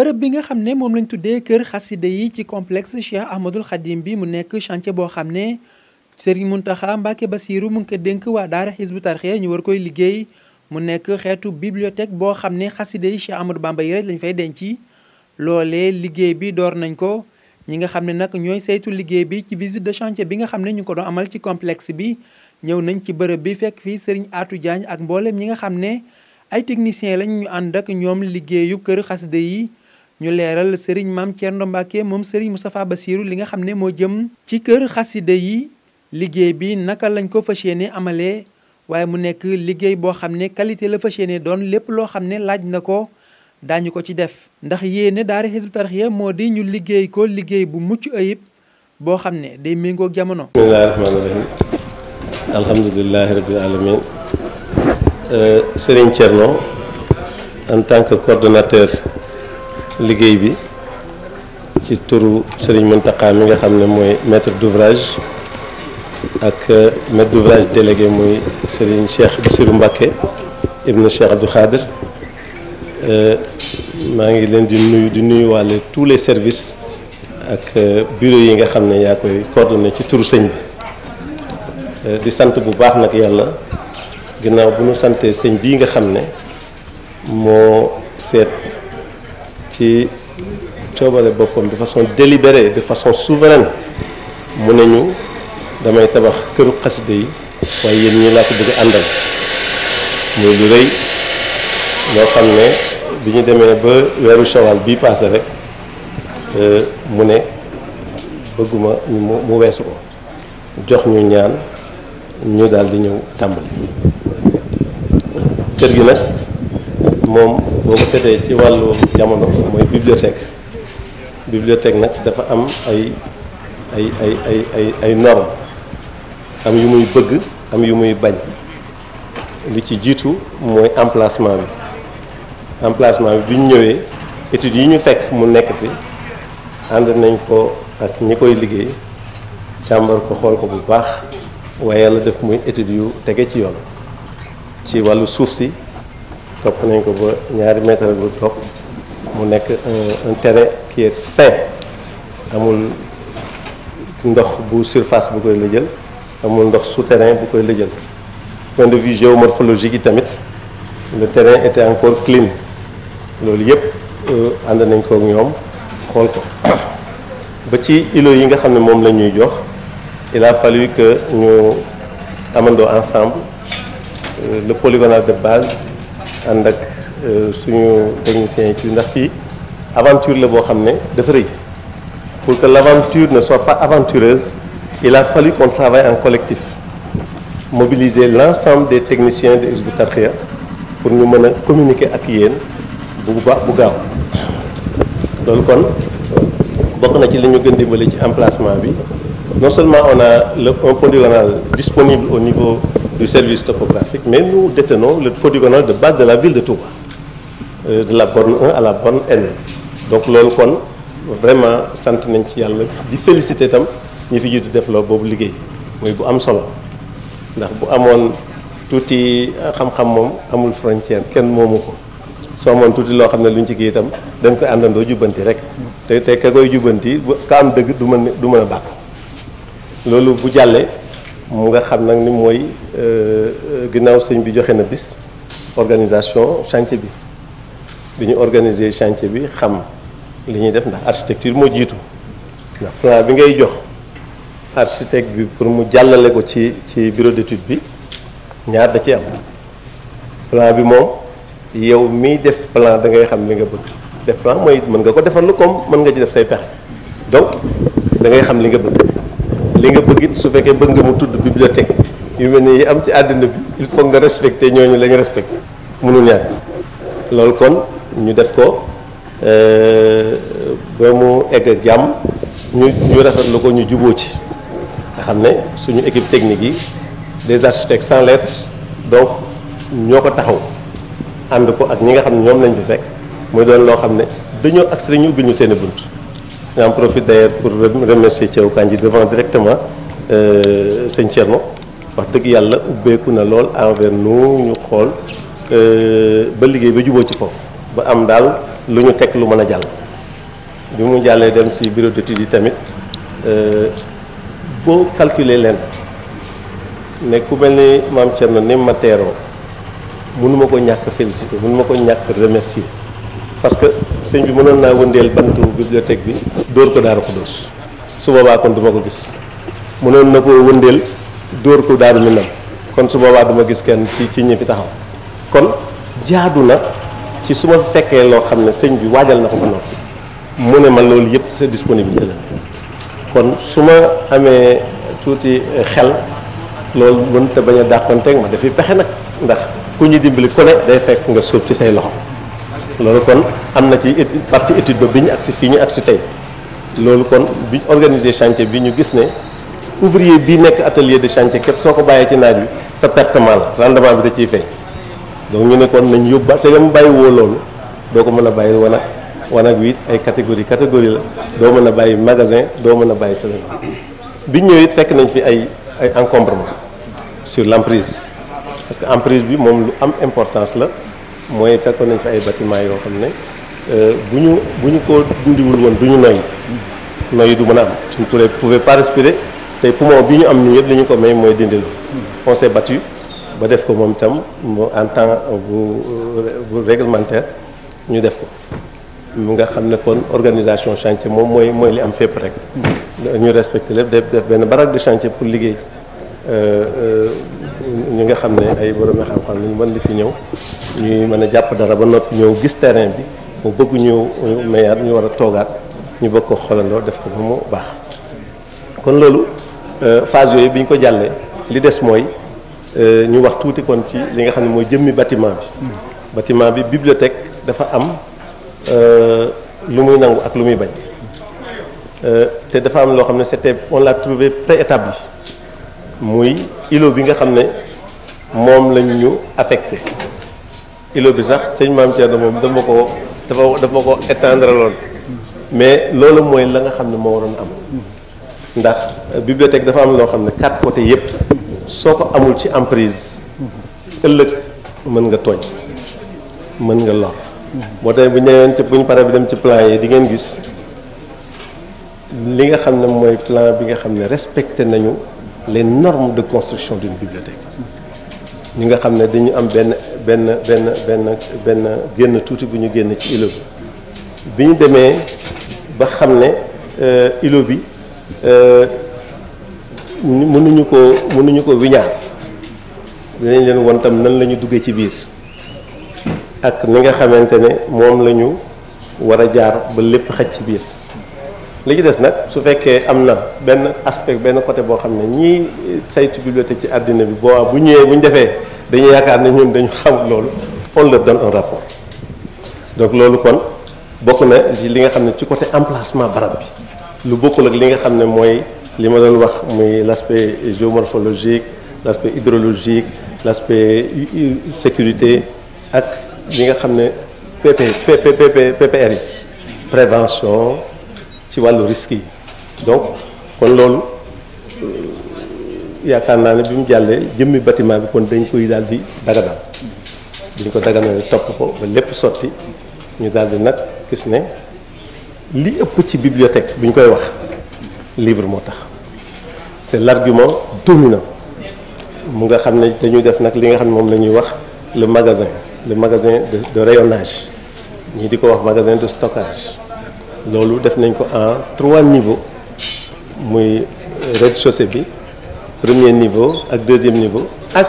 bërëb bi nga xam ne moom lañ tuddee kër xasida yi ci complexe Cheikh Ahmadul Khadim bi mu nekk chantier boo xam ne Serigne Mountakha Mbacké Bassirou mu ngi ko dénk waa daara Hizbut Tarqiyyah ñu war koy liggéey mu nekk xeetu bibliothèque boo xam ne xasida yi Cheikh Ahmadou Bamba yi rek lañ fay denc loolee liggéey bi door nañ ko ñi nga xam ne nag ñooy saytu liggéey bi ci visite de chantier bi nga xam ne ñu ko doon amal ci complexe bi ñëw nañ ci bërëb bi fekk fii Serigne Atou Diagne ak mboolem ñi nga xam ne ay techniciens lañ ñu ànd ak ñoom liggéeyu kër xasida yi ñu leeral sëriñ maam Thierno Mbacke moom sëriñ Moustapha Bassirou li nga xam ne moo jëm ci kër xasida yi liggéey bi naka lañ ko fas yéene amalee waaye mu nekk liggéey boo xam ne qualité la fas yéene doon lépp loo xam ne laaj na ko daañu ko ci def. ndax yéene daara Hizbut Tarqiyyah moo di ñu liggéey ko liggéey bu mucc ayib boo xam ne day méngoog jamono. bismillaahi rahmaani rahiim alhamdulilaahi rabbil aalamiin euh, sëriñ Thierno en tant que coordonnateur. liggéey bi ci turu Serigne Mountakha mi nga xam ne mooy maître d'ouvrage ak euh, maître d'ouvrage délégué muy Serigne Cheikh Bassirou Mbacké ibnu Cheikh Abdou Khadir euh, maa ngi leen di nuyu di nuyuwaale tous les services ak euh, bureau yi nga xam ne yaa koy coordonné ci turu sëñ bi di sant bu baax nag yàlla ginnaaw bu ñu santee sëñ bii nga xam ne moo seet ci coobare boppam de façon délibérée de façon souveraine mu ne ñu damay tabax këru xasida yi waaye yéen ñi laa ko bëgg àndal muy lu rëy loo xam ne bi ñu demee ba weeru shawal bi paase rek euh, mu ne bëgguma mu weesu ko jox ñu ñaan ñu daal di ñëw tàmbali kër gi nag moom boo ko ci wàllu jamono mooy bibliothèque bibliothèque nag dafa am ay ay ay ay ay ay norme am yu muy bëgg am yu muy bañ li ci jiitu mooy emplacement bi emplacement bi bi ñëwee études yi ñu fekk mu nekk fi ànd nañ ko ak ñi koy liggéey càmbar ko xool ko bu baax waaye yàlla def muy études yu tege ci yoon ci wàllu suuf si topp nañ ko ba ñaari mètre bu topp mu nekk un terrain qui est sain amul ndox bu surface bu koy lëjal amul ndox souterrain bu koy lëjal point de vue géomorphologique yi tamit le terrain était encore clean loolu yëpp euh, ànd nañ ko ñoom xool ko ba ci îlots yi nga xam ne moom la ñuy jox il a fallu que ñu amandoo ensemble euh, le polygonal de base ànd ak Euh, suñu technicien yi ci ndax fi aventure la boo xam ne dafa rëy pour que l'aventure ne soit pas aventureuse il a fallu qu'on travaille en collectif mobiliser l'ensemble des techniciens de Hizbut pour ñu mën a communiquer ak yéen bu baax bu gaaw loolu kon bokk na ci li ñu gën dimbali ci emplacement bi non seulement on a le un polygonal disponible au niveau du service topographique mais nous détenons le polygonal de base de la ville de Touba Euh, de la borne 1 à donc loolu kon vraiment sant nañ ci yàlla di félicité itam ñi fi jiitu def la boobu liggéey mooy bu am solo ndax bu amoon tuuti xam-xam moom amul frontière kenn moomu ko soo amoon tuuti loo xam ne luñ ci kii itam dañ koy àndandoo jubbanti rek te te ka koy jubbanti bu ka am dëgg du mën du mën a bàkku loolu bu jàllee mu nga xam nag ni mooy euh, euh, ginnaaw sëñ bi joxe na bis organisation chantier bi bi ñu organiser chantier bi xam li ñuy def ndax architecture moo jiitu ndax plan bi ngay jox architecte bi pour mu jàllale ko ci ci bureau d'étude bi ñaar da ci am plan bi moom yow miy def plan da ngay xam li nga bëgg def plan mooy it mën nga ko defal lu koom mën nga ci def say pexe donc da ngay xam li nga bëgg li nga bëgg it su fekkee bëgg nga mu tudd bibliothèque yu mel ni yi am ci àddina bi il faut nga respecter ñooñu la ñu respecté mënul loolu kon. ñu def ko euh, ba mu egg ak jàmm ñu ñu rafetlu ko ñu juboo ci nga xam ne suñu équipe technique yi des architectes sans lettres donc ñoo ko taxaw ànd ko ak ñi nga xam ne ñoom lañ fi fekk muy doon loo xam ne dañoo ak ñu ubbil ñu seen i bunt j'en profite d'ailleurs pour remercier Thiaw Kandji devant directement euh, sëñ Thierno wax dëgg yàlla ubbeeku na lool envers nous ñu xool euh, ba liggéey ba juboo ci foofu ba am daal lu ñu teg lu mën a jàll bi mu jàllee dem si bureau d'études yi tamit euh, boo calculer leen ne ku mel ni maam Thierno ni ma teeroo mënuma ko ñàkk félicité mënuma ko ñàkk remercier parce que sëñ bi mënoon naa wëndeel bantu bibliothèque bi dóor ko Daaru Xuddoos su boobaa kon du ma ko gis mënoon na koo wëndeel dóor ko Daaru Minam kon su boobaa duma gis kenn ci ci ñi fi taxaw kon jaadu na ci su ma fekkee loo xam ne sëñ bi waajal na ko ba noppi mu ne ma loolu yëpp sa disponibilité la kon su ma amee tuuti xel loolu mënta bañ a dàqanteeg ma dafi pexe nag ndax ku ñu dimbali ku ne day fekk nga sóob ci say loxo loolu kon am na ci partie étude ba bi ñu si fii ñu si tey loolu kon bi organiser chantier bi ñu gis ne ouvrier bii nekk atelier de chantier képp soo ko bàyyee ci naaj bi sa pertement la rendement bi da ciy feeñ donc ñu ne kon nañ yóbbaat te dama bàyyi woo loolu doo ko mën a bàyyi wanag wanag wi it ay catégorie catégorie la doo mën a bàyyi magasin doo mën a bàyyi semaine bi ñu ñëwee it fekk nañ fi ay ay encombrement sur l'emprise parce que emprise bi moom lu am importance la mooy fekkoon nañ fi ay bâtiment yoo xam ne euh, bu ñu bu ñu ko dundiwul woon du ñu noyyi yi du mën a am suñu turee pouvait pas respirer tey poumon bi ñu am nii yëpp li ñu ko may mooy dindi loolu on ba def ko moom itam en temps bu bu réglementaire ñu def ko mu nga xam ne kon organisation chantier moom mooy mooy li am fépp rek ñu respecté lépp def def benn baraque de chantier pour liggéey euh, euh, ñu nga xam ne ay borom xam-xam lañu mën li fi ñëw ñuy mën a jàpp dara ba noppi ñëw gis terrain bi mu bëgg ñu mayaat ñu war a toogaat ñu bëgg ko xoolaloo def ko ba mu baax kon loolu euh, phase yooyu bi ñu ko jàllee li des mooy Euh, ñu wax tuuti kon ci li nga xam ne mooy jëmmi batiment bi hmm. bâtiment bi bibliothèque dafa am euh, lu muy nangu ak lu muy bañ euh, te dafa am loo xam ne c'était on l'a trouvé préétabli muy îlot bi nga xam ne moom lañ ñu affecté îlot sax sëñ maam Thierno moom dama ko dafa dafa ma ko étendre lool mais loolu mooy la nga xam ne moo waroon am hmm. ndax bibliothèque dafa am loo xam ne quatre poté yépp soo ko amul ci emprise ëllëg mën nga tooñ mën nga lor boo tey bu ñëwee te bu ñu paree bi dem ci plan yi di ngeen gis li nga xam ne mooy plan bi nga xam ne respecté nañu leen norme de construction d'une bibliothèque ñi nga xam ne dañu am benn benn benn benn benn génn tuuti bu ñu génn ci îlot bi bi ñu demee ba xam ne ilo euh, bi euh, mënuñu ko mënuñu ko wiñaar dinañ leen won tam nan la ñu duggee ci biir ak ni nga xamante ne moom la ñu war a jaar ba lépp xaj ci biir li ci des nag su fekkee am na benn aspect benn côté boo xam ne ñii saytu bibliothèque ci àddina bi boo bu ñëwee bu defee dañu yaakaar ne ñun dañu xam loolu on leur donne un loolu kon bokk na ci li nga xam ne ci côté emplacement barab bi lu bokkul ak li nga xam ne mooy li ma doon wax muy laspe aspect géomorphologique l' aspect hydrologique laspe aspect sécurité ak li nga xam ne PP PP PPR yi prévention ci wàllu risque yi donc kon loolu euh, yaakaar naa ne bi mu jàllee jëmmi bâtiment bi kon dañ koy daal di dañ ko daganal topp ko ba lépp sorti ñu daal nag gis ne li ëpp ci bibliothèque bu ñu koy wax livre moo tax c'est l'argument dominant mu nga xam ne dañuy def nag li nga xam ne moom la ñuy wax le magasin le magasin de de rayonnage ñii di ko wax magasin de stockage loolu def nañ ko en trois niveaux muy rez-de-chaussée bi premier niveau ak deuxième niveau ak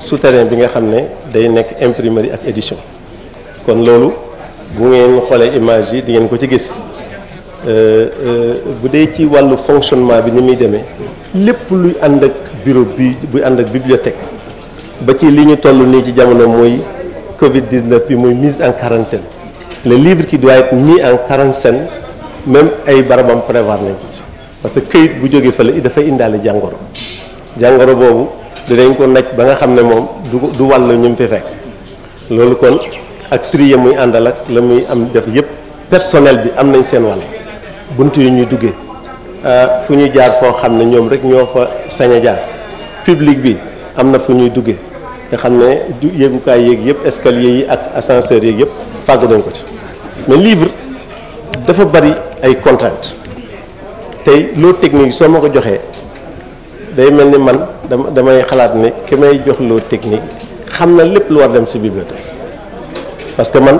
souterrain bi nga xam ne day nekk imprimerie ak édition kon loolu bu ngeen xoolee image yi di ngeen ko ci gis Euh, euh, bu dee ci wàllu fonctionnement bi ni muy demee lépp luy ànd ak bureau bi buy ànd ak bibliothèque ba ci li ñu toll nii ci jamono mooy Covid 19 bi mooy mise en quarantaine le livre qui doit être mis en quarantaine même ay barabam prévoir nañ parce que kayit bu jóge fa jógee fële dafay indaale jàngoro jàngoro boobu dinañ ko naj ba nga xam ne moom du du wàll ñu mu fi fekk loolu kon ak trier muy àndal ak la muy am def yépp personnel bi am nañ seen wàll. bunt yu ñuy duggee euh, fu ñu jaar foo xam ne ñoom rek ñoo fa sañ a jaar public bi am na fu ñuy duggee nga xam ne du yéegukaay yéeg yëpp escalier yi ak ascenseur yéeg yëpp fàggu nañ ko ci mais livre dafa bari ay contraintes tey loo technique soo ma ko joxee day mel ni man dama damay xalaat ne ki may jox loo technique xam na lépp lu war dem ci bibliothèque parce que man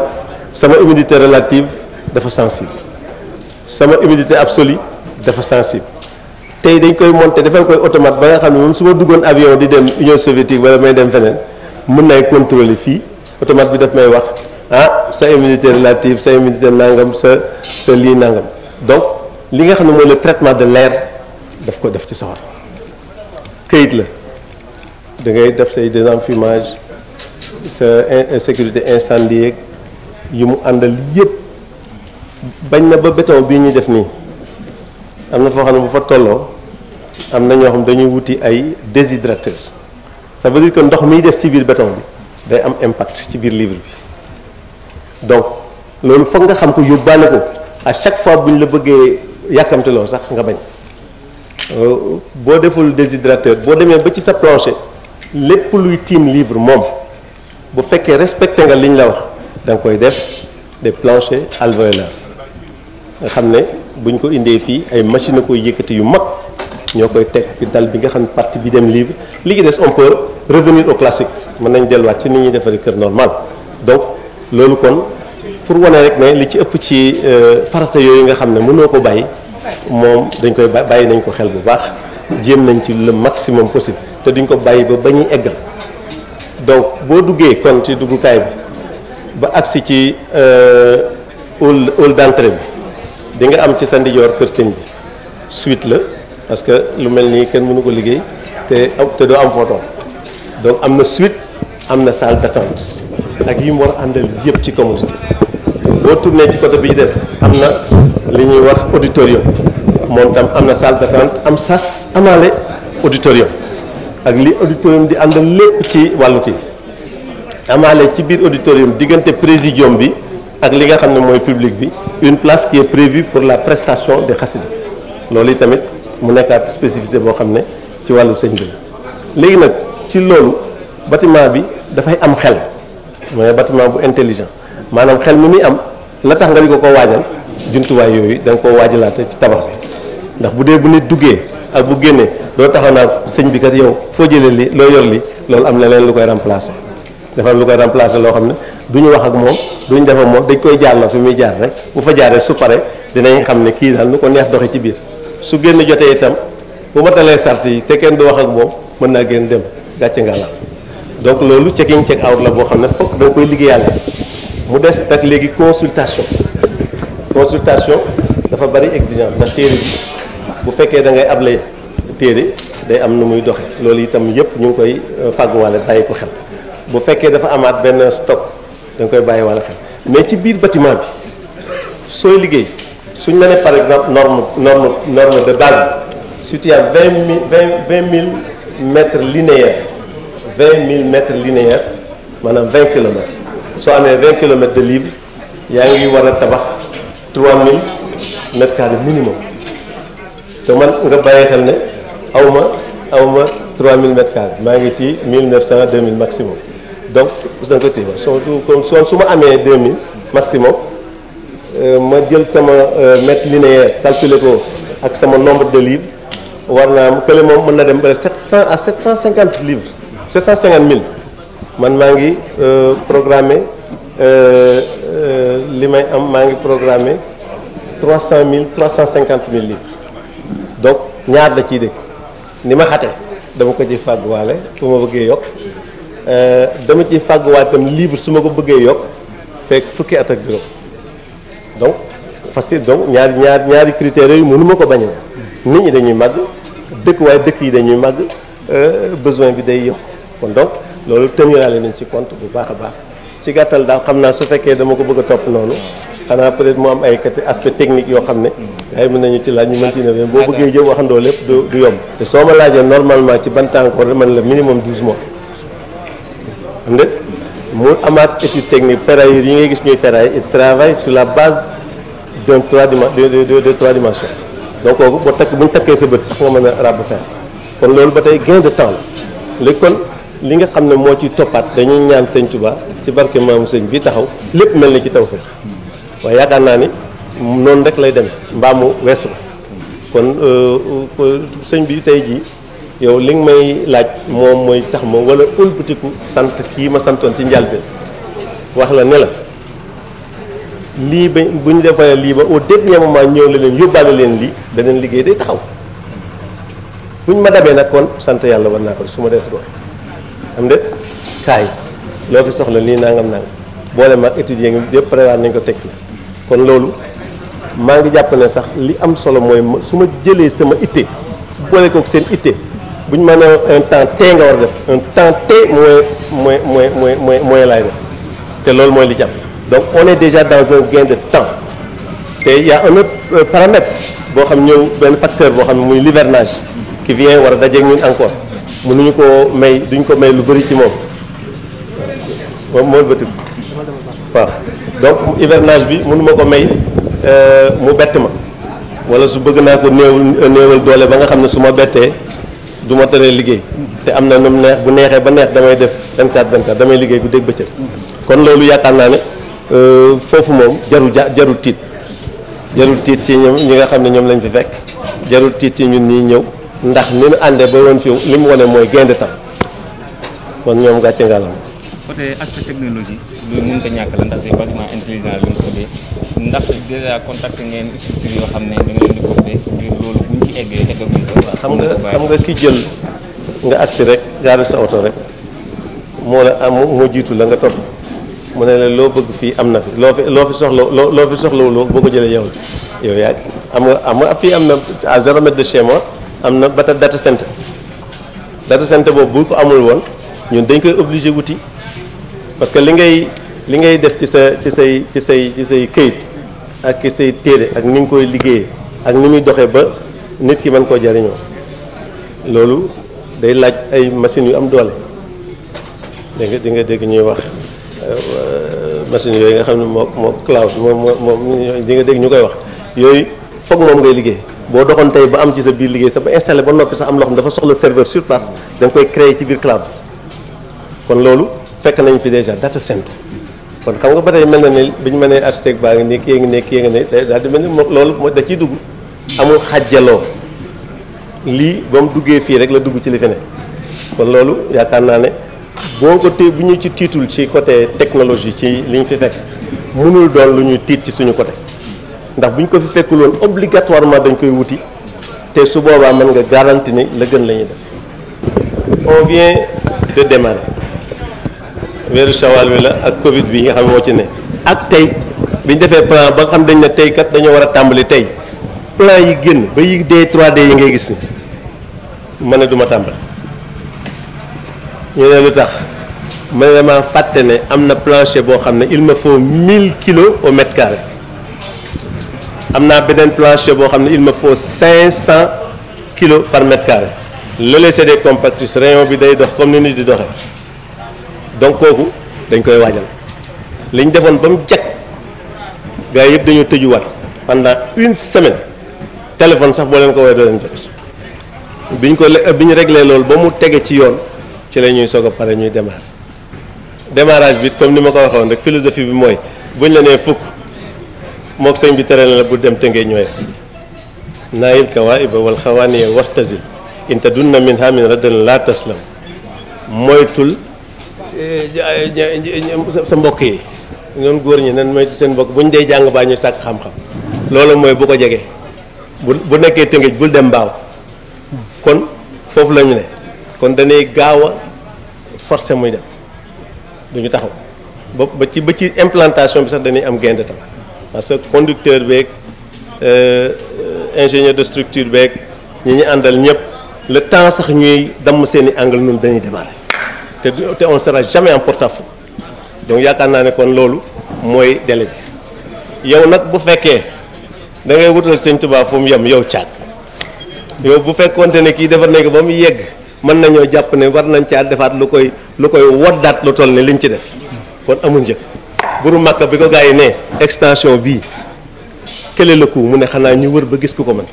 sama humidité relative dafa sensible sama humidité absolue dafa sensible tey dañ koy monter defal koy automate ba nga xam ne moom su ma duggoon avion di dem Union soviétique wala may dem feneen mën nay contrôler fii automate bi daf may wax ah sa humidité relative sa humidité nangam sa sa lii nangam donc li nga xam ne mooy le traitement de l'air daf ko def ci soxor këyit la da ngay def say désenfumage sa sécurité incendie yi mu àndal yëpp. bañ na ba béton bii ñuy def nii am na foo xam ne bu fa tolloo am na ñoo xam dañuy wuti ay déshydrateur ça veut dire que ndox miy des ci biir béton bi day am impact ci biir livre bi donc loolu foog nga xam ko yóbbaale ko à chaque fois bu ñu la bëggee yàkkamteloo sax nga bañ euh, boo deful déshydrateur boo demee ba ci sa plancher lépp luy tiim livre moom bu fekkee respecté nga li ñu la wax da koy def des planchers alvéolaires nga xam ne buñ ko indee fii ay machine na koy yëkkati yu mag ñoo koy teg dal bi nga xam ne partie bi dem livre li ci des on peut revenir au classique mën nañ delluwaat ci ni ñuy defaree kër normal donc loolu kon pour wane rek ne li ci ëpp ci euh, farata yooyu nga xam ne mënoo ko bàyyi moom dañ koy bàyyi nañ ko xel bu baax jéem nañ ci le maximum possible te duñ ko bàyyi ba ba ñuy eggal donc boo duggee kon ci duggukaay bi ba agsi ci euh, hall hall d'entrée bi di nga am ci sa ndijoor kër sëñ bi suite la parce que lu mel nii kenn mënu ko liggéey te te doo am photo donc am na suite am na salle d'attente ak yi mu war a àndal yëpp ci communauté boo tourné ci côté bi des am na li ñuy wax auditorium moom tam am na salle d'attente am sas amaale auditorium ak li auditorium di àndal lépp ci wàllu kii amaale ci biir auditorium diggante présidium bi. ak li nga xam ne mooy public bi une place qui est pour la prestation des xasida loolu tamit mu nekkaat spécificité boo xam ne ci wàllu sëñ bi la léegi nag ci loolu bâtiment bi dafay am xel mooy bâtiment bu intelligent maanaam xel mi muy am la tax nga di ko ko waajal jumtuwaay yooyu da nga koo waajalaate ci tabax bi ndax bu dee bu nit duggee ak bu génnee doo taxaw naa sëñ bi kat yow foo jëlee li loo yor li loolu am na leen lu koy remplacer. dafa lu koy remplacer loo xam ne duñu wax ak moom duñ def ak moom dañ koy jàll fi muy jaar rek bu fa jaaree su pare dinañ xam ne kii daal nu ko neex doxe ci biir su génn jotee itam bu ma talee sart yi te kenn du wax ak moom mën naa génn dem gàcce nga la donc loolu checking check out la boo xam ne fokk da koy liggéeyaale mu des nag léegi consultation consultation dafa bari exigence ndax téere bi bu fekkee da ngay ablay téere day am nu muy doxe loolu itam yëpp ñu koy euh, fàgguwaale bàyyi ko bu fekkee dafa amaat benn stock da koy bàyyi wala xel mais ci biir bâtiment bi sooy liggéey suñ la ne par exemple norme norme norme de base bi si tu as vingt mille vingt vingt mille mètres linéaires vingt mille mètres linéaires maanaam vingt kilomètres soo amee vingt kilomètres de livre yaa ngi war a tabax trois mille mètres carrés minimum te man nga bàyyi xel ne awma awma 3000 mètres carrés maa ngi ci 1900 2000 maximum donc su dañ ko téye su ma amee 2000 maximum euh, ma jël sama euh, mètre linéaire calculer ko ak sama nombre de livres war naa am kële moom mën na dem ba 700 à 750 livres 750 000 man maa ngi euh, programme li may am maa ngi programmé 300 cent 350 000 livres donc ñaar da ciy dégg ni ma xate dama ko ci fàgguwaale fu ma bëggee yokk. Euh, dama ci fàgguwaat itam livre su ma ko bëggee yokk fekk fukki at ak juróom donc fas donc ñaari ñaar ñaari critères yooyu mënu ma ko bañ nit ñi dañuy màgg dëkk waaye dëkk yi dañuy màgg euh, besoin bi day yokk kon donc loolu tëniraale nañ ci compte bu baax a baax ci gàttal daal xam naa su fekkee dama ko bëgg topp noonu xanaa peut-être mu am ay kat aspect technique yoo xam ne gars yi mën nañu ci ñu mën ci ne boo bëggee jëm waxandoo lépp du yomb te soo ma laajee normalement ci ban temps man la minimum 12 mois xam nga mu amaat étude technique ferraille yi ngay gis ñuy ferraille il travaille sur la base d'un trois de trois dimensions donc kooku boo takk bu ñu takkee sa bët sax nga mën a ràbb fer kon loolu ba tey gain de temps la léegi li nga xam ne moo ci toppaat dañuy ñaan sëñ ba ci barke maamu sëñ bi taxaw lépp mel ni ci tawfeex waaye yaakaar naa ni noonu rek lay demee mbaamu weesu la kon euh, euh, sëñ bi tey jii yow li nga may laaj moom mooy tax ma wala ëlbatiku sant kii ma santoon ci njëlbeen wax la ne la lii ba bu ñu defee lii ba au dernier moment ñëw la leen yóbbaale leen lii danañ liggéey day taxaw bu ñu ma dabee nag kon sant yàlla war naa ko su ma des ko am de kaay loo fi soxla lii nangam nangam boole maag étudier ngi nañ ko teg fi kon loolu maa ngi jàpp ne sax li am solo mooy su ma jëlee sama itte boole kook seen itte bu ñu mënee un temps T nga war def un temps T mooy mooy mooy mooy mooy mooy laay te loolu mooy li jàpp donc on est déjà dans un gain de temps te y a un autre euh, paramètre boo xam ñëw benn facteur boo xam ne muy livernage qui vient war a dajeeg ñun encore mënuñu ko may duñ ko may lu bëri ci moom moom mooy bëtu waaw donc hivernage bi mënuma ko may euh, mu bett ma wala su bëgg naa ko néewul néewal doole ba nga xam ne su ma bettee du ma tëree liggéey te am na nu mu neex bu neexee ba neex damay def 24 24 damay liggéey bu dégg bëccëg kon loolu yaakaar naa ne euh, foofu moom jarul ja jarul tiit jarul tiit ci ñoom ñi nga xam ne ñoom lañ fi fekk jarul tiit ci ñun ñii ñëw ndax ni nu àndee ba woon fi li mu wane mooy gaynde tam kon ñoom gàcce ngalam côté aspect technologie lu mën ko ñàkk la ndax c'est a intelligent lu ko dee ngeen structure yoo xam ne da ngeen di ko loolu xam nga xam nga ki jël nga agsi rek gaare sa oto rek moo la am moo jiitu la nga topp mu ne la loo bëgg fii am na fi loo fi loo fi soxla soxlawuloo boo ko jëlee yow yow yaa am nga am nga fii am na à zéro de chez am na bata ta data center data center boobu bu ko amul woon ñun dañ koy obligé wuti parce que li ngay li ngay def ci sa ci say ci say ci say këyit ak ci say téere ak ni nga koy liggéeyee ak ni muy doxee ba nit ki mën koo jariñoo loolu day laaj ay machine yu am doole dégg nga di nga dégg ñuy wax euh, machines yooyu nga xam ne moo moo cloud moom moom di nga dégg ñu koy wax yooyu foog moom ngay liggéey boo doxoon tey ba am ci sa biir liggéey sa ba installé ba noppi sa am loo xam soxla serveur sur place da nga koy créer ci biir cloud kon loolu fekk nañ fi déjà data center kon xam nga ba tey mel na ne bi ñu mënee architecte baa ngi ne kii ngi ne kii ngi ne daal di mel ni loolu da ciy dugg amul xajjaloo lii ba mu duggee fii rek la dugg ci li fi ne kon loolu yaakaar naa ne boo ko té bu ñu ci tiitul ci côté technologie ci li ñu fi fekk mënul doon lu ñuy tiit ci suñu côté ndax bu ñu ko fi fekkul woon obligatoirement dañ koy wuti te su boobaa mën nga garanti ni la gën la ñuy def on vient de démarrer weeru shawal wi la ak Covid bi ñu xam moo ci ne ak tey bi ñu defee plan ba nga xam dañ ne teykat dañoo war a tàmbali tey. plan yi génn ba yi dee 3D yi ngay gis ni ma ne du ma tàmbali ñu lu tax ma ne dama fàtte ne am na plancher boo xam ne il me faut 1000 kilos au mètre am naa beneen plancher boo xam ne il me faut cent kilos par mètre carré lële c'est des compactus rayon bi day dox comme ni nit di doxee donc kooku dañ koy waajal li defoon ba mu jag gars yëpp dañoo tëjuwaat pendant une semaine. téléphone sax boo leen ko woowee doo leen bi ñu ko bi ñu réglé loolu ba mu tege ci yoon ci la ñuy soog a pare ñuy démarrer démarrage bi comme ni ma ko waxoon rek philosophie bi mooy bu ñu la nee fukk mook sëñ bi tere la bu dem tëngee ñooy naayil kawaiba wal xawaaniya waxtasil inta dunna min hamin raddan laa taslam moytul eh, sa mbokk yi ñoom góor ñi nan moytu seen mbokk bu ñu dee jàng baa ñu sàkk xam-xam loolu mooy bu ko jegee bu bu nekkee tëngëj bul dem mbaaw kon foofu lañu ne kon danay gaaw a forcé muy dem duñu taxaw ba ba ci ba ci implantation bi sax dañuy am gain de temps parce que conducteur beeg euh, ingénieur de structure beeg ñi ñu àndal ñëpp le temps sax ñuy damm seen i angle noonu dañuy démarrer te te on sera jamais en porte à donc yaakaar naa ne kon loolu mooy délai bi yow nag bu fekkee. da ngay wutal sëñ Tuubaa fu mu yem yow caat yow bu fekkonte ne kii dafa nekk ba mu yegg mën nañoo jàpp ne war nañ caa defaat lu koy lu koy woddaat lu toll ne liñ ci def kon amul njëg buru màkka bi ko gars yi ne extension bii kële la ko mu ne xanaa ñu wër ba gis ku ko mën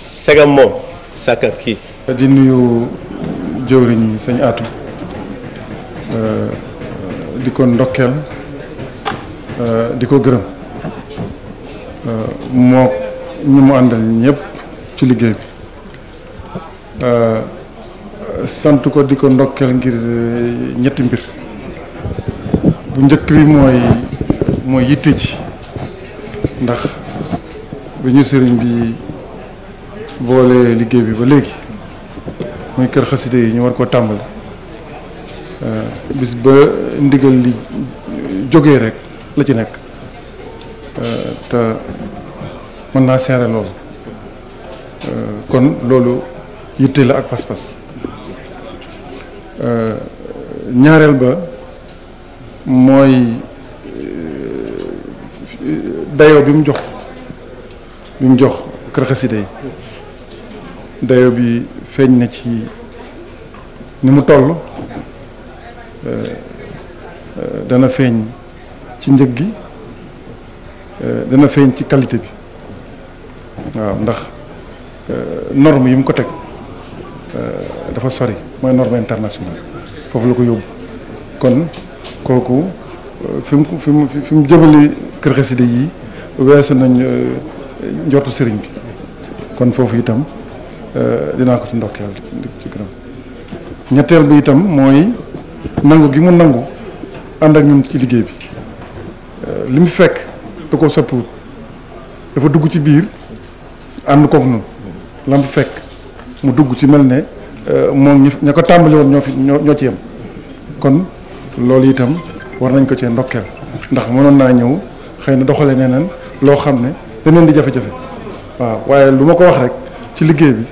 segam moom sàkk ak kii di nuyu jëwriñ sañ aatu euh, di ko ndokkeel euh, di ko gërëm moo ñu mu àndal ñëpp ci liggéey bi euh, sant ko di ko ndokkeel ngir euh, ñetti mbir bu njëkk bi mooy mooy yitte ci ndax bi ñu sëriñ bi boole liggéey bi ba léegi muy kër xaside yi ñu war koo tàmbali euh, bis ba ndigal li jógee rek la ci nekk te mën naa seere loolu euh, kon loolu yitte la ak pas-pas euh, ñaareel ba mooy euh, dayo bi mu jox bi mu jox kër dayo bi feeñ na ci ni mu toll dana feeñ ci njëg gi Euh, dana feeñ ci qualité bi waaw ndax euh, norme yi mu ko teg euh, dafa sori mooy norme internationale foofu la ko yóbbu kon kooku fi mu fi mu fi mu jëmale kër xasida yi weesu nañ njortu sëriñ bi kon foofu itam dinaa ko ci ndokkeel ci kanam ñetteel bi itam mooy nangu gi mu nangu ànd ak ñun ci liggéey bi li mu fekk da koo soppiwut dafa dugg ci biir ànd koog moom lam fekk mu dugg ci mel ne euh, moom ñi ña ko tàmbali woon ñoo fi ñoo ñoo ci yem kon loolu itam war nañ ko cee ndokkeel ndax mënoon naa ñëw xëy na doxale neneen loo xam ne leneen di jafe-jafe waaw waaye lu ma ko wax rek ci liggéey bi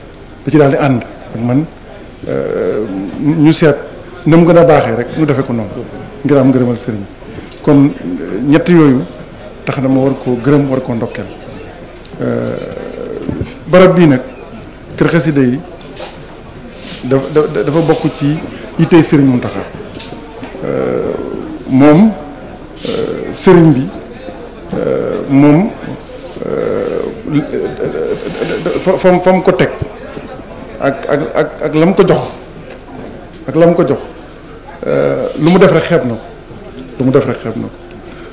da ci daal di ànd ak man euh, ñu seet na mu gën a baaxee rek ñu defe ko noonu ngir am ngërëmal sëriñ kon ñett yooyu tax na ma war koo gërëm war koo ndokkeel euh, barab bii nag kër xasida yi dafa dafa bokk ci yittey sëriñ Muntaxa euh, moom euh, sëriñ bi moom fa fa mu ko teg ak ak ak la mu ko jox ak la mu ko jox lu mu def rek xeeb na ko lu mu def rek xeeb na ko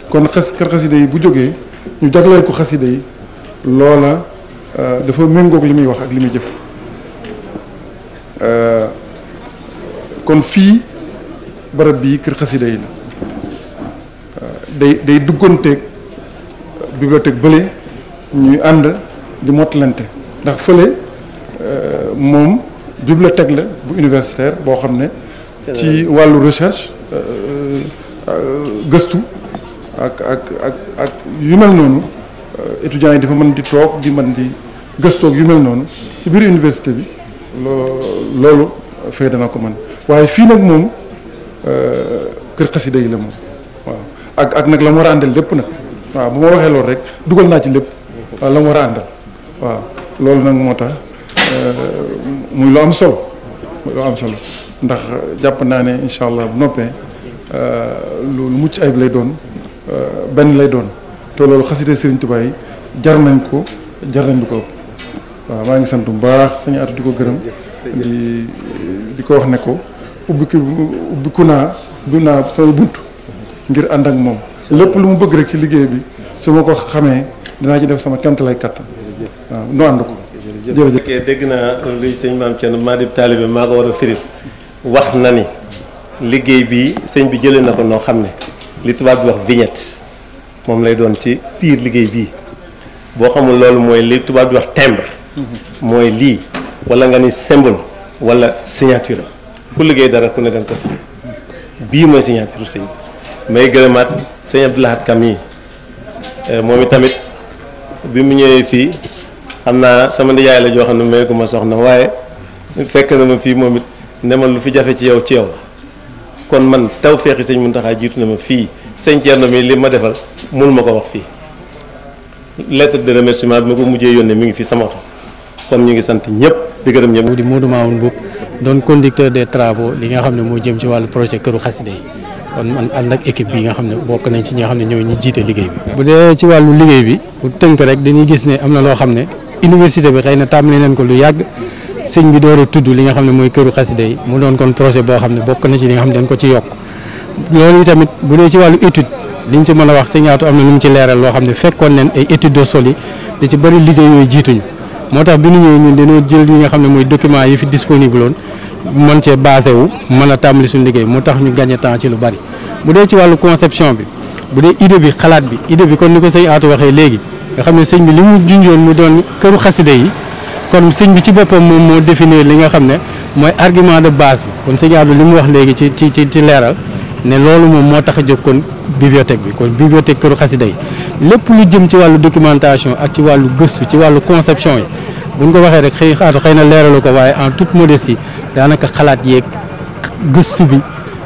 kon xas kër xasida yi bu jógee ñu jagleel ko xasida yi loola euh, dafa méngook li muy wax ak li muy jëf euh, kon fii barab bii kër xasida yi la euh, day day dugganteeg bibliothèque bële ñuy ànd di mottalante ndax fële moom bibliothèque la bu universitaire boo xam ne ci wàllu recherche gëstu ak ak ak ak yu mel noonu euh, étudiants yi dafa mën di toog di man di gëstoog yu mel noonu ci biir université bi loolu fee dana ko man waaye fii nag moom euh, kër xasida yi la moom waaw ak ak nag lam war a àndal lépp nag waaw bu ma waxee loolu rek dugal naa ci lépp waaw la war a àndal waaw loolu nag moo tax euh, muy lu am solo muy lu am solo ndax jàpp naa ne incha allah bu noppee lu mucc ayib lay doon Euh, benn lay doon te loolu xasida Serigne Touba yi jar nañ ko jar nañ ko waa maa ngi sant bu baax sañu atu di ko gërëm di ko wax ne ko ubbiku ubbiku naa du naa sama bunt ngir ànd ak moom lépp lu mu bëgg rek ci liggéey bi su ma ko xamee dinaa ji def sama kemtalaay kattan waaw nu ànd ko jërëjëf dégg naa luy sëñ maam Thierno maa di taalibe maa ko war a firil wax na ni liggéey bi sëñ bi jëlee na ko noo xam ne li tubaab bi wax vignette moom lay doon ci biir liggéey bii boo xamul loolu mooy li tubaab bi wax timbre mooy lii wala nga ni symbole walla signature ku liggéey dara ku ne danga ko signé bii mooy signature sëñ may gërëmaat sëñ Abdou Lahad Kam yi eh, moom itamit bi mu ñëwee fii xam naa sama nijaay la joo xam ne mayu ma soxna waaye fekk na ma fii moom it ne ma lu fi jafe ci yow ci yow kon man taw feexi sëñ Muntaxa jiitu na ma fii sëñ Thierno mi li ma defal mënu ma ko wax fii lettre de remerciement bi ma ko mujjee ne mi ngi fi sama oto kon ñu ngi sant ñëpp di gërëm ñëpp. di Modou Mamoun Mboup doon conducteur de travaux li nga xam ne moo jëm ci wàllu projet këru xaside yi kon man ànd ak équipe bi nga xam ne bokk nañ ci ñi xam ne ñoo ñi jiite liggéey bi. bu dee ci wàllu liggéey bi. bu tënk rek dañuy gis ne am na loo xam ne université xëy na tàmbali nañ ko lu yàgg. sëñ bi door a tudd li nga xam ne mooy këru xasida yi mu doon kon projet boo xam ne bokk na ci li nga xam ne dañ ko ci yokk loolu tamit bu dee ci wàllu étude liñ ci mën a wax sëñ Atou ci leeral loo xam ne fekkoon nañ ay sol yi li liggéey yooyu jiituñu moo tax bi ñu ñëwee ñun jël li nga xam ne mooy document yi fi disponible woon mën cee basé wu mën a tàmbali suñu liggéey moo tax ñu gagné temps ci lu bari bu dee ci wàllu conception bi bu dee idée bi xalaat bi idée bi kon ni ko sëñ Atou waxee léegi nga xam ne sëñ bi li mu junjoon mu doon këru xasida yi kon sëñ bi ci boppam moom moo définir li nga xam ne mooy argument de base bi kon sëñ Abdou li mu wax léegi ci ci ci ci leeral ne loolu moom moo tax a jóg kon bibliothèque bi kon bibliothèque këru xasida yi lépp lu jëm ci wàllu documentation ak ci wàllu gëstu ci wàllu conception yi buñ ko waxee rek xëy xëy na leeralu ko waaye en tout toute modestie daanaka xalaat yeeg gëstu bi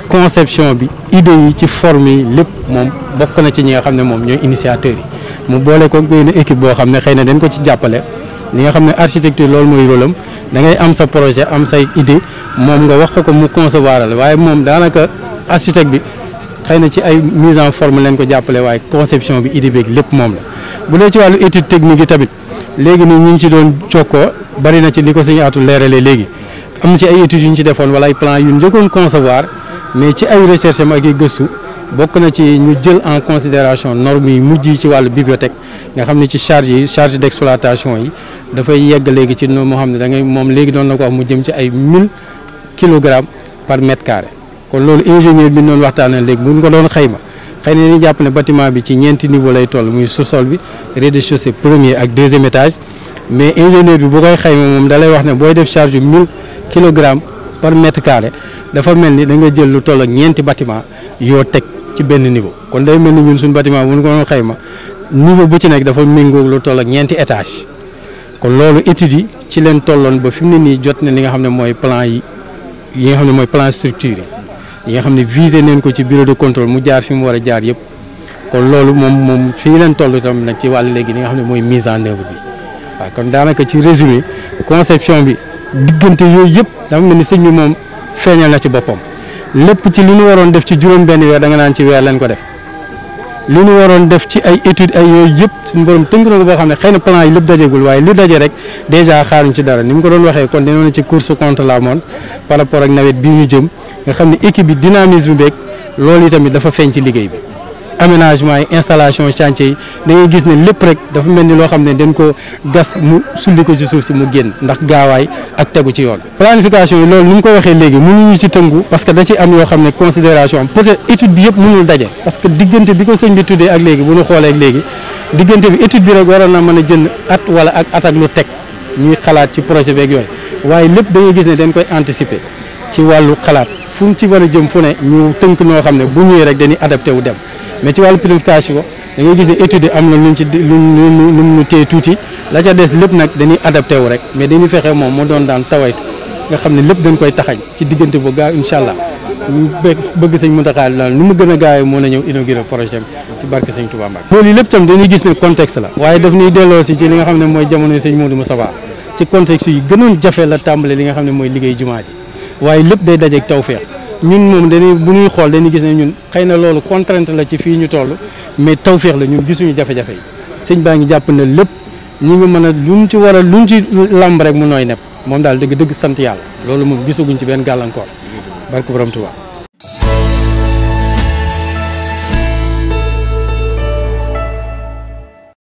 conception bi idée yi ci forme yi lépp moom bokk na ci ñi nga xam ne moom ñooy initiateurs yi mu boole ko benn équipe boo xam ne xëy na dañ ko ci jàppale li nga xam ne architecture loolu mooy rôle am da am sa projet am say idée moom nga wax ko ko mu concevoir la waaye moom daanaka architecte bi xay na ci ay mise en forme leen ko jàppale waaye conception bi idée beeg lépp moom la. bu dee ci wàllu étude technique yi tamit léegi nii ñu ngi ci doon jokkoo bari na ci li ko suñu aatu leeralee léegi am na ci ay études yu ñu ci defoon wala ay plan yu njëkkoon concevoir mais ci ay recherche am ak i gëstu. bokk na ci ñu jël en considération normes yi mujj yi ci wàllu bibliothèque nga xam ne ci charge yi charge d' exploitation yi dafay yegg léegi ci noonu moo xam ne da ngay moom léegi doon na ko wax mu jëm ci ay 1000 kilogrammes par mètre carré kon loolu ingénieur bi noonu waxtaanee léegi bu nga doon xayma xëy na dañuy jàpp ne batiment bi ci ñeenti niveau lay toll muy sous-sol bi rez-de-chaussée premier ak deuxième métage mais ingénieur bi boo koy xayma moom dalay wax ne booy def charge yu 1000 kilogrammes par dafa mel ni da nga jël lu toll ak ñeenti bâtiment yoo teg. ci benn niveau kon day mel ni ñun suñu bâtiment bu ko doon xayma niveau bu ci nekk dafa méngóog lu toll ak ñeenti étage kon loolu études ci leen tolloon ba fi mu ne nii jot na li nga xam ne mooy plan yi yi nga xam ne mooy plan structure yi nga xam ne visé neen ko ci bureau de contrôle mu jaar fi mu war a jaar yëpp kon loolu moom moom fi ñu leen toll tam nag ci wàll léegi li nga xam ne mooy mise en œuvre bi kon daanaka ci résumé conception bi diggante yooyu yëpp dafa mel ni sëñ bi moom feeñal na ci boppam. lépp ci li ñu waroon def ci juróom-benn weer da nga naan ci weer lañ ko def li ñu waroon def ci ay études yooyu yëpp suñu borom tënk na ko boo xam ne xëy na plan yi lépp dajegul waaye lu daje rek dèjà xaaruñ ci dara ni mu ko doon waxee kon de na ci course contre la montre par rapport ak nawet bii ñu jëm nga xam ne équipe bi dynamisme beeg loolu yi tamit dafa feeñ ci liggéey bi. aménagement yi installation chantier yi da gis ne lépp rek dafa mel ni loo xam ne dañ ko gas mu sulli ko ci suuf si mu génn ndax gaawaay ak tegu ci yoon planification yi loolu ni mu ko waxee léegi mënuñu ci tëngu parce que da ci am yoo xam ne considération peut-être étude bi yëpp mënul daje parce que diggante bi ko sëñ bi tudde ak léegi bu ñu xoolee léegi diggante bi étude bi rek waroon na mën a jën at wala ak at ak lu teg ñuy xalaat ci projet beeg yooyu waaye lépp da ngay gis ne dañ koy anticiper ci wàllu xalaat fu ci war a jëm fu ne ñu tënk noo xam ne bu ñëwee rek dañuy adapté wu dem mais ci wàllu planification da ngay gis ne étude am na luñ lu luñ luñ ñu téye tuuti la ca des lép nag dañuy adapté wu rek mais dañuy fexe moom moo doon daan tawaytu nga xam ne lépp dañ koy taxañ ci diggante bu gaaw incha allah ñu bëgg sëñ Mountakha daal nu mu gën a gaawee moo na ñëw inauguré projet ci barke sëñ Touba Mbacke. loolu lépp tam dañuy gis ne contexte la. waaye daf ñuy delloo si ci li nga xam ne mooy jamono sëñ Modou Moussa ci contexte yi gënoon jafe la tàmbale li nga xam ne mooy liggéey jumaa ji waaye lépp day dajeeg tawfeex ñun moom dañuy bu ñuy xool dañuy gis ne ñun xëy na loolu contrainte la ci fii ñu toll mais tawféex la ñun gisuñu jafe-jafe yi sëñ baa ngi jàpp na lépp ñu ngi mën a luñ ci waral a luñ ci làmb rek mu nooy nepp moom daal dëgg dëgg sant yàlla loolu moom gisaguñ ci benn gàllankoor barke borom Tuubaa